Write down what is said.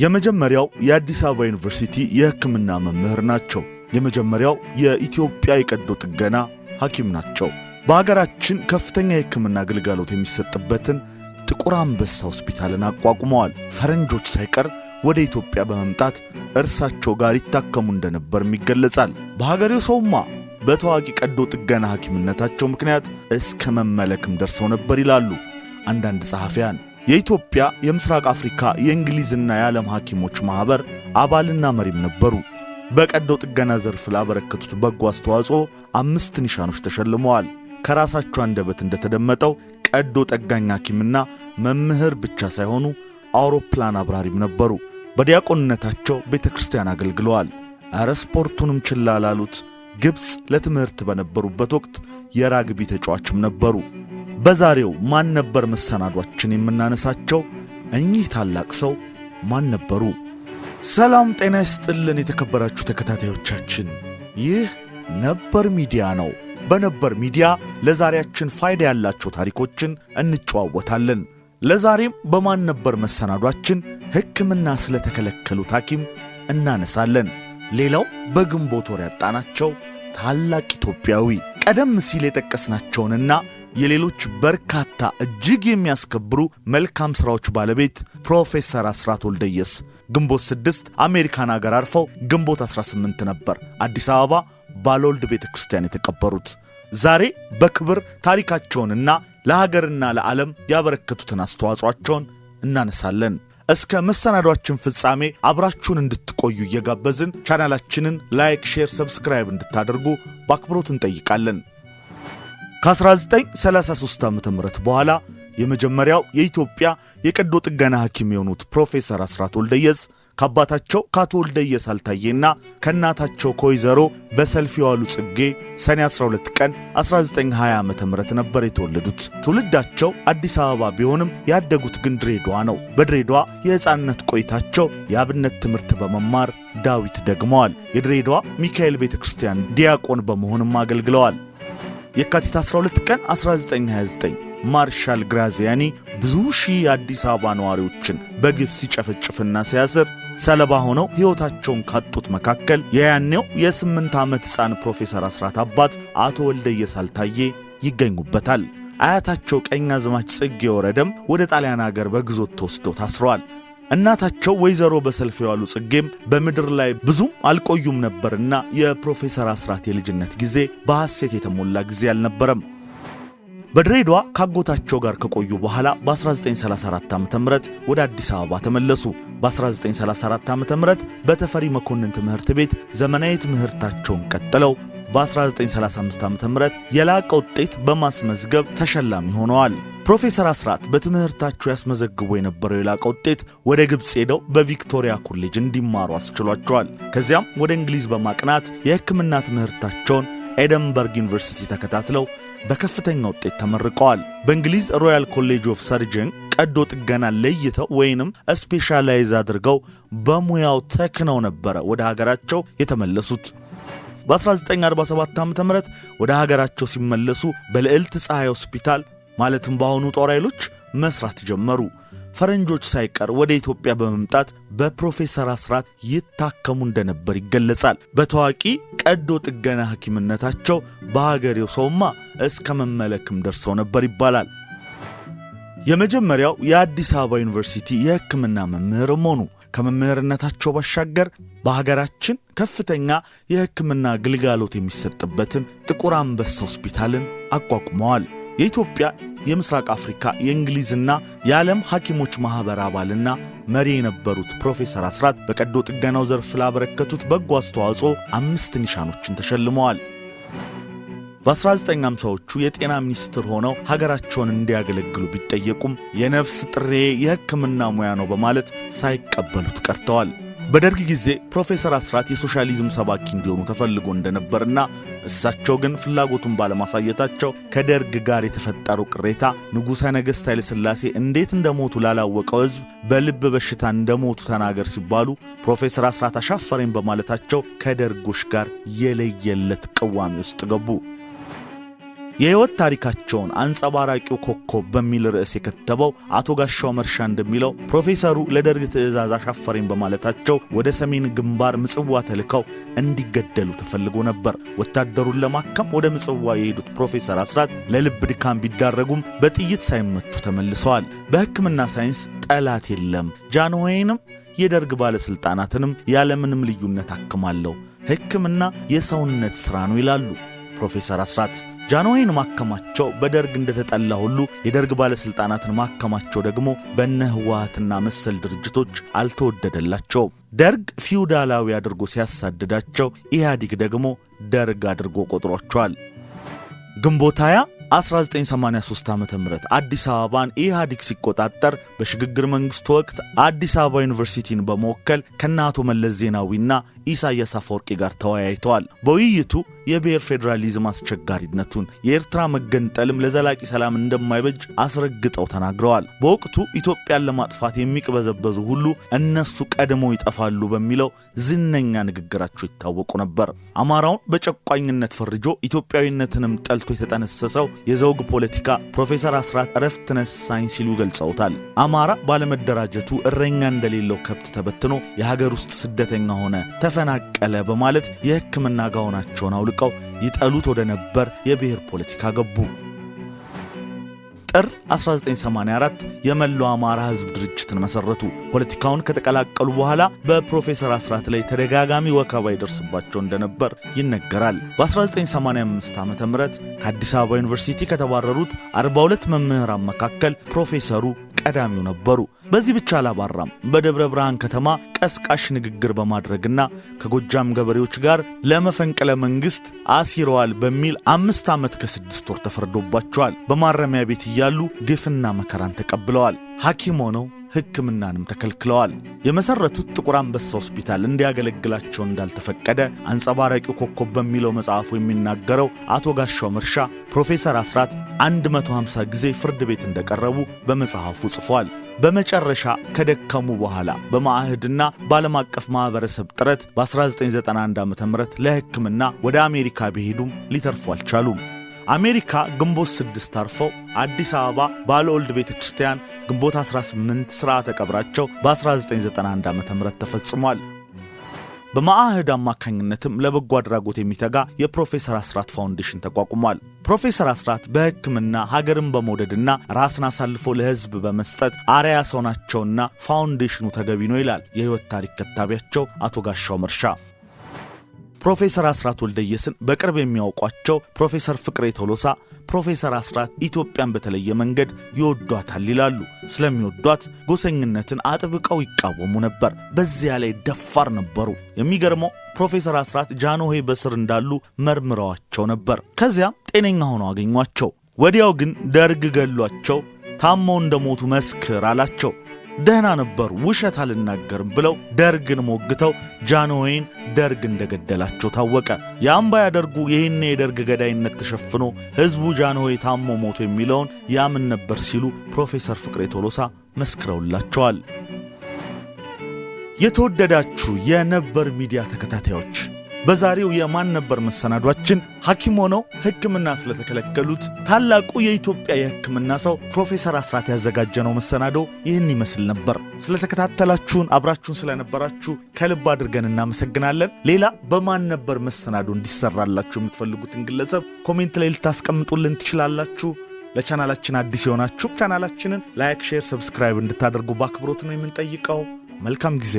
የመጀመሪያው የአዲስ አበባ ዩኒቨርሲቲ የሕክምና መምህር ናቸው። የመጀመሪያው የኢትዮጵያ የቀዶ ጥገና ሐኪም ናቸው። በሀገራችን ከፍተኛ የሕክምና አገልግሎት የሚሰጥበትን ጥቁር አንበሳ ሆስፒታልን አቋቁመዋል። ፈረንጆች ሳይቀር ወደ ኢትዮጵያ በመምጣት እርሳቸው ጋር ይታከሙ እንደነበርም ይገለጻል። በሀገሬው ሰውማ በታዋቂ ቀዶ ጥገና ሐኪምነታቸው ምክንያት እስከ መመለክም ደርሰው ነበር ይላሉ አንዳንድ ጸሐፊያን። የኢትዮጵያ የምስራቅ አፍሪካ የእንግሊዝና የዓለም ሐኪሞች ማኅበር አባልና መሪም ነበሩ። በቀዶ ጥገና ዘርፍ ላበረከቱት በጎ አስተዋጽኦ አምስት ኒሻኖች ተሸልመዋል። ከራሳቸው አንደበት እንደተደመጠው ቀዶ ጠጋኝ ሐኪምና መምህር ብቻ ሳይሆኑ አውሮፕላን አብራሪም ነበሩ። በዲያቆንነታቸው ቤተ ክርስቲያን አገልግለዋል። ኧረ ስፖርቱንም ችላ ላሉት ግብፅ ለትምህርት በነበሩበት ወቅት የራግቢ ተጫዋችም ነበሩ። በዛሬው ማን ነበር መሰናዷችን የምናነሳቸው እኚህ ታላቅ ሰው ማን ነበሩ? ሰላም ጤና ይስጥልን የተከበራችሁ ተከታታዮቻችን፣ ይህ ነበር ሚዲያ ነው። በነበር ሚዲያ ለዛሬያችን ፋይዳ ያላቸው ታሪኮችን እንጨዋወታለን። ለዛሬም በማን ነበር መሰናዷችን ሕክምና ስለተከለከሉት ሐኪም እናነሳለን። ሌላው በግንቦት ወር ያጣናቸው ታላቅ ኢትዮጵያዊ ቀደም ሲል የጠቀስናቸውንና የሌሎች በርካታ እጅግ የሚያስከብሩ መልካም ሥራዎች ባለቤት ፕሮፌሰር አስራት ወልደየስ ግንቦት 6 አሜሪካን አገር አርፈው ግንቦት 18 ነበር አዲስ አበባ ባለወልድ ቤተ ክርስቲያን የተቀበሩት። ዛሬ በክብር ታሪካቸውንና ለሀገርና ለዓለም ያበረከቱትን አስተዋጽኦአቸውን እናነሳለን። እስከ መሰናዷችን ፍጻሜ አብራችሁን እንድትቆዩ እየጋበዝን ቻናላችንን ላይክ፣ ሼር፣ ሰብስክራይብ እንድታደርጉ በአክብሮት እንጠይቃለን። ከ1933 ዓ ም በኋላ የመጀመሪያው የኢትዮጵያ የቀዶ ጥገና ሐኪም የሆኑት ፕሮፌሰር አስራት ወልደየስ ከአባታቸው ከአቶ ወልደየስ አልታዬና ከእናታቸው ከወይዘሮ በሰልፍ የዋሉ ጽጌ ሰኔ 12 ቀን 1920 ዓ ም ነበር የተወለዱት። ትውልዳቸው አዲስ አበባ ቢሆንም ያደጉት ግን ድሬዳዋ ነው። በድሬዳዋ የሕፃንነት ቆይታቸው የአብነት ትምህርት በመማር ዳዊት ደግመዋል። የድሬዳዋ ሚካኤል ቤተ ክርስቲያን ዲያቆን በመሆንም አገልግለዋል። የካቲት 12 ቀን 1929 ማርሻል ግራዚያኒ ብዙ ሺህ የአዲስ አበባ ነዋሪዎችን በግፍ ሲጨፈጭፍና ሲያስር ሰለባ ሆነው ሕይወታቸውን ካጡት መካከል የያኔው የስምንት ዓመት ሕፃን ፕሮፌሰር አስራት አባት አቶ ወልደየስ አልታዬ ይገኙበታል። አያታቸው ቀኝ አዝማች ጽጌ ወረደም ወደ ጣሊያን አገር በግዞት ተወስዶ ታስረዋል። እናታቸው ወይዘሮ በሰልፍ የዋሉ ጽጌም በምድር ላይ ብዙም አልቆዩም ነበርና የፕሮፌሰር አስራት የልጅነት ጊዜ በሐሴት የተሞላ ጊዜ አልነበረም። በድሬዳዋ ካጎታቸው ጋር ከቆዩ በኋላ በ1934 ዓ ም ወደ አዲስ አበባ ተመለሱ። በ1934 ዓ ም በተፈሪ መኮንን ትምህርት ቤት ዘመናዊ ትምህርታቸውን ቀጥለው በ1935 ዓ ም የላቀ ውጤት በማስመዝገብ ተሸላሚ ሆነዋል። ፕሮፌሰር አስራት በትምህርታቸው ያስመዘግቡ የነበረው የላቀ ውጤት ወደ ግብፅ ሄደው በቪክቶሪያ ኮሌጅ እንዲማሩ አስችሏቸዋል። ከዚያም ወደ እንግሊዝ በማቅናት የሕክምና ትምህርታቸውን ኤደንበርግ ዩኒቨርሲቲ ተከታትለው በከፍተኛ ውጤት ተመርቀዋል። በእንግሊዝ ሮያል ኮሌጅ ኦፍ ሰርጅን ቀዶ ጥገና ለይተው ወይንም ስፔሻላይዝ አድርገው በሙያው ተክነው ነበረ ወደ ሀገራቸው የተመለሱት። በ1947 ዓ ም ወደ ሀገራቸው ሲመለሱ በልዕልት ፀሐይ ሆስፒታል ማለትም በአሁኑ ጦር ኃይሎች መስራት ጀመሩ። ፈረንጆች ሳይቀር ወደ ኢትዮጵያ በመምጣት በፕሮፌሰር አስራት ይታከሙ እንደነበር ይገለጻል። በታዋቂ ቀዶ ጥገና ሐኪምነታቸው በሀገሬው ሰውማ እስከ መመለክም ደርሰው ነበር ይባላል። የመጀመሪያው የአዲስ አበባ ዩኒቨርሲቲ የሕክምና መምህርም ሆኑ። ከመምህርነታቸው ባሻገር በሀገራችን ከፍተኛ የሕክምና ግልጋሎት የሚሰጥበትን ጥቁር አንበሳ ሆስፒታልን አቋቁመዋል። የኢትዮጵያ የምስራቅ አፍሪካ የእንግሊዝና የዓለም ሐኪሞች ማኅበር አባልና መሪ የነበሩት ፕሮፌሰር አስራት በቀዶ ጥገናው ዘርፍ ላበረከቱት በጎ አስተዋጽኦ አምስት ኒሻኖችን ተሸልመዋል። በ1950ዎቹ የጤና ሚኒስትር ሆነው ሀገራቸውን እንዲያገለግሉ ቢጠየቁም የነፍስ ጥሬ የሕክምና ሙያ ነው በማለት ሳይቀበሉት ቀርተዋል። በደርግ ጊዜ ፕሮፌሰር አስራት የሶሻሊዝም ሰባኪ እንዲሆኑ ተፈልጎ እንደነበርና እሳቸው ግን ፍላጎቱን ባለማሳየታቸው ከደርግ ጋር የተፈጠረው ቅሬታ ንጉሠ ነገሥት ኃይለ ሥላሴ እንዴት እንደሞቱ ላላወቀው ሕዝብ በልብ በሽታ እንደሞቱ ተናገር ሲባሉ ፕሮፌሰር አስራት አሻፈረኝ በማለታቸው ከደርጎች ጋር የለየለት ቅዋሜ ውስጥ ገቡ። የሕይወት ታሪካቸውን አንጸባራቂው ኮከብ በሚል ርዕስ የከተበው አቶ ጋሻው መርሻ እንደሚለው ፕሮፌሰሩ ለደርግ ትዕዛዝ አሻፈረኝ በማለታቸው ወደ ሰሜን ግንባር ምጽዋ ተልከው እንዲገደሉ ተፈልጎ ነበር። ወታደሩን ለማከም ወደ ምጽዋ የሄዱት ፕሮፌሰር አስራት ለልብ ድካም ቢዳረጉም በጥይት ሳይመቱ ተመልሰዋል። በሕክምና ሳይንስ ጠላት የለም። ጃንሆይንም የደርግ ባለሥልጣናትንም ያለምንም ልዩነት አክማለሁ። ሕክምና የሰውነት ሥራ ነው ይላሉ ፕሮፌሰር አስራት። ጃንሆይን ማከማቸው በደርግ እንደተጠላ ሁሉ የደርግ ባለሥልጣናትን ማከማቸው ደግሞ በነ ህወሓትና መሰል ድርጅቶች አልተወደደላቸውም። ደርግ ፊውዳላዊ አድርጎ ሲያሳድዳቸው፣ ኢህአዲግ ደግሞ ደርግ አድርጎ ቆጥሯቸዋል። ግንቦት 1983 ዓ ም አዲስ አበባን ኢህአዲግ ሲቆጣጠር በሽግግር መንግሥት ወቅት አዲስ አበባ ዩኒቨርሲቲን በመወከል ከነ አቶ መለስ ዜናዊና ኢሳያስ አፈወርቂ ጋር ተወያይተዋል። በውይይቱ የብሔር ፌዴራሊዝም አስቸጋሪነቱን፣ የኤርትራ መገንጠልም ለዘላቂ ሰላም እንደማይበጅ አስረግጠው ተናግረዋል። በወቅቱ ኢትዮጵያን ለማጥፋት የሚቅበዘበዙ ሁሉ እነሱ ቀድሞ ይጠፋሉ በሚለው ዝነኛ ንግግራቸው ይታወቁ ነበር። አማራውን በጨቋኝነት ፈርጆ ኢትዮጵያዊነትንም ጠልቶ የተጠነሰሰው የዘውግ ፖለቲካ ፕሮፌሰር አስራት እረፍት ነሳኝ ሲሉ ገልጸውታል። አማራ ባለመደራጀቱ እረኛ እንደሌለው ከብት ተበትኖ የሀገር ውስጥ ስደተኛ ሆነ ተፈናቀለ በማለት የሕክምና ጋውናቸውን አውልቀው ይጠሉት ወደ ነበር የብሔር ፖለቲካ ገቡ። ጥር 1984 የመላው አማራ ሕዝብ ድርጅትን መሰረቱ። ፖለቲካውን ከተቀላቀሉ በኋላ በፕሮፌሰር አስራት ላይ ተደጋጋሚ ወከባ ይደርስባቸው እንደነበር ይነገራል። በ1985 ም ከአዲስ አበባ ዩኒቨርሲቲ ከተባረሩት 42 መምህራን መካከል ፕሮፌሰሩ ቀዳሚው ነበሩ። በዚህ ብቻ አላባራም። በደብረ ብርሃን ከተማ ቀስቃሽ ንግግር በማድረግና ከጎጃም ገበሬዎች ጋር ለመፈንቅለ መንግሥት አሲረዋል በሚል አምስት ዓመት ከስድስት ወር ተፈርዶባቸዋል። በማረሚያ ቤት እያሉ ግፍና መከራን ተቀብለዋል። ሐኪም ሆነው ሕክምናንም ተከልክለዋል። የመሰረቱት ጥቁር አንበሳ ሆስፒታል እንዲያገለግላቸው እንዳልተፈቀደ አንጸባራቂው ኮከብ በሚለው መጽሐፉ የሚናገረው አቶ ጋሻው መርሻ ፕሮፌሰር አስራት 150 ጊዜ ፍርድ ቤት እንደቀረቡ በመጽሐፉ ጽፏል። በመጨረሻ ከደከሙ በኋላ በማዕህድና በዓለም አቀፍ ማኅበረሰብ ጥረት በ1991 ዓ ም ለሕክምና ወደ አሜሪካ ቢሄዱም ሊተርፉ አልቻሉም። አሜሪካ ግንቦት ስድስት አርፎ አዲስ አበባ ባለወልድ ቤተ ክርስቲያን ግንቦት 18 ሥርዓተ ቀብራቸው በ1991 ዓ ም ተፈጽሟል። በማዕህድ አማካኝነትም ለበጎ አድራጎት የሚተጋ የፕሮፌሰር አስራት ፋውንዴሽን ተቋቁሟል። ፕሮፌሰር አስራት በሕክምና ሀገርን በመውደድና ራስን አሳልፎ ለሕዝብ በመስጠት አርያ ሰው ናቸውና ፋውንዴሽኑ ተገቢ ነው ይላል የሕይወት ታሪክ ከታቢያቸው አቶ ጋሻው መርሻ። ፕሮፌሰር አስራት ወልደየስን በቅርብ የሚያውቋቸው ፕሮፌሰር ፍቅሬ ቶሎሳ ፕሮፌሰር አስራት ኢትዮጵያን በተለየ መንገድ ይወዷታል ይላሉ። ስለሚወዷት ጎሰኝነትን አጥብቀው ይቃወሙ ነበር። በዚያ ላይ ደፋር ነበሩ። የሚገርመው ፕሮፌሰር አስራት ጃንሆይ በስር እንዳሉ መርምረዋቸው ነበር። ከዚያም ጤነኛ ሆነው አገኟቸው። ወዲያው ግን ደርግ ገሏቸው፣ ታመው እንደሞቱ መስክር አላቸው። ደህና ነበሩ፣ ውሸት አልናገርም ብለው ደርግን ሞግተው ጃንሆይን ደርግ እንደገደላቸው ታወቀ። የአምባ ያደርጉ ይህን የደርግ ገዳይነት ተሸፍኖ ሕዝቡ ጃንሆይ ታሞ ሞቶ የሚለውን ያምን ነበር ሲሉ ፕሮፌሰር ፍቅሬ ቶሎሳ መስክረውላቸዋል። የተወደዳችሁ የነበር ሚዲያ ተከታታዮች በዛሬው የማን ነበር መሰናዷችን ሐኪም ሆነው ሕክምና ስለተከለከሉት ታላቁ የኢትዮጵያ የሕክምና ሰው ፕሮፌሰር አስራት ያዘጋጀነው መሰናዶ ይህን ይመስል ነበር። ስለተከታተላችሁን አብራችሁን ስለነበራችሁ ከልብ አድርገን እናመሰግናለን። ሌላ በማን ነበር መሰናዶ እንዲሰራላችሁ የምትፈልጉትን ግለሰብ ኮሜንት ላይ ልታስቀምጡልን ትችላላችሁ። ለቻናላችን አዲስ የሆናችሁ ቻናላችንን ላይክ፣ ሼር፣ ሰብስክራይብ እንድታደርጉ በአክብሮት ነው የምንጠይቀው። መልካም ጊዜ